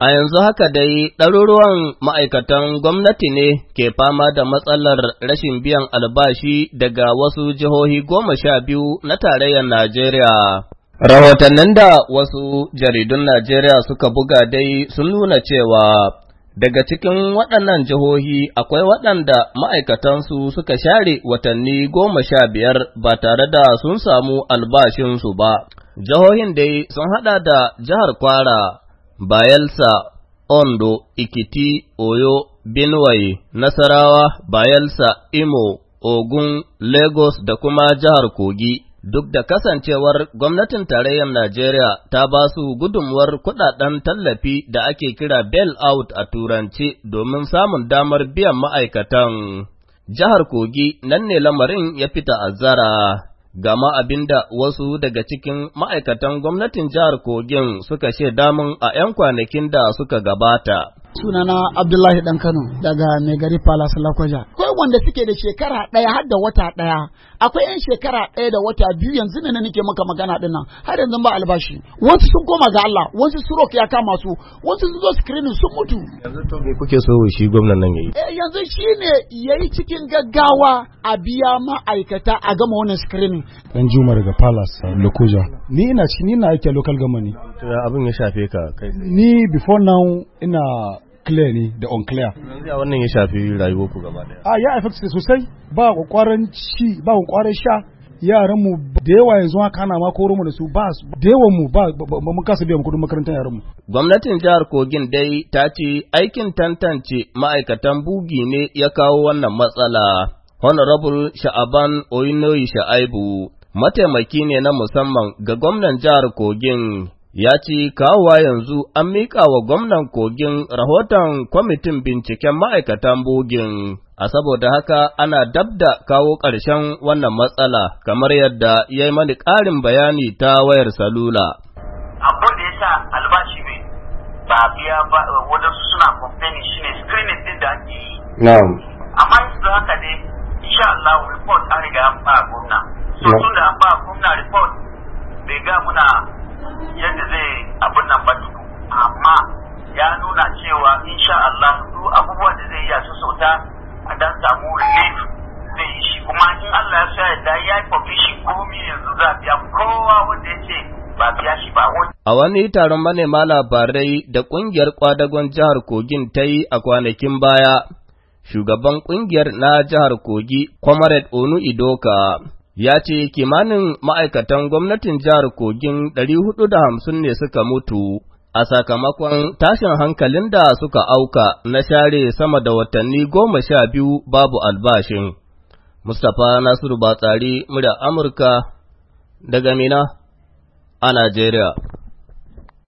A yanzu haka dai ɗaruruwan ma'aikatan gwamnati ne ke fama da matsalar rashin biyan albashi daga wasu jihohi goma sha biyu na tarayyar Najeriya. Rahotannin da wasu jaridun Najeriya suka buga dai sun nuna cewa daga cikin waɗannan jihohi akwai waɗanda ma'aikatansu suka share watanni goma sha biyar ba tare da sun samu albashinsu ba. Jihohin dai sun haɗa da jihar Kwara. Bayelsa, Ondo, Ikiti, Oyo, Binwai, Nasarawa, Bayelsa, Imo, Ogun, Lagos da kuma jihar Kogi. Duk da kasancewar gwamnatin tarayyar Najeriya ta ba su gudunmuwar kudaden tallafi da ake kira bail-out a Turanci domin samun damar biyan ma'aikatan. Jihar Kogi nan ne lamarin ya fita azara. gama abinda wasu daga cikin ma'aikatan gwamnatin jihar Kogin suka shaida damun a ‘yan kwanakin da suka gabata. sunana Abdullahi Dan Kano daga Megari Palace Lakwaja. Akwai wanda suke da shekara ɗaya har da wata ɗaya, akwai 'yan shekara ɗaya da wata biyu yanzu ne nake maka magana ɗin nan har yanzu ba albashi. Wasu sun koma ga Allah, wasu stroke ya kama su, wasu sun zo screening sun mutu. Yanzu to me kuke so shi gwamnan nan yayi? Eh yanzu shine yayi cikin gaggawa a biya ma'aikata a gama wannan screening. Dan Juma daga Palace Lokoja. Ni ina ci ni ina aiki local government ne. Abin ya shafe ka kai. Ni before now ina clear ne da unclear yanzu wannan ya shafi rayuwar ku gaba daya Ah ya affect sosai ba kwakwaran ci ba kwakwaran sha yaran mu da yawa yanzu haka ana ma koro mu da su ba su da yawan mu ba mun kasa biyan kuɗin makarantar yaran mu gwamnatin jihar Kogin dai ta ce aikin tantance ma'aikatan bugi ne ya kawo wannan matsala Honorable Sha'aban Oyinoyi Sha'aibu mataimaki ne na musamman ga gwamnan jihar Kogin ya ce kawowa yanzu an miƙa wa gwamnan kogin rahoton kwamitin binciken ma'aikatan bogin, a saboda haka ana dab da kawo ƙarshen wannan matsala kamar yadda ya yi mani ƙarin bayani ta wayar salula. Abin da ya sa albashi mai ba biya ba wadansu suna kwamfani shi ne screening din da ake yi. Na'am. Amma yanzu haka ne insha Allah report an riga an ba gwamna. sun da an ba gwamna report bai ga muna yadda zai abin nan ba amma ya nuna cewa insha Allah duk abubuwan da zai yi a sassauta a dan samu relief zai yi shi kuma in Allah ya sa yadda ya yi shi gumi yanzu za biya kowa wanda ya ce ba biya shi ba wani. A wani taron manema labarai da ƙungiyar kwadagon jihar Kogin ta yi a kwanakin baya, shugaban ƙungiyar na jihar Kogi, Comrade Onu Idoka, ya ce kimanin ma'aikatan gwamnatin jihar Kogin 450 ne suka mutu a sakamakon tashin hankalin da suka auka na share sama da watanni goma sha biyu babu albashin. Mustapha Nasiru Batsari, murya Amurka daga Mina a Najeriya.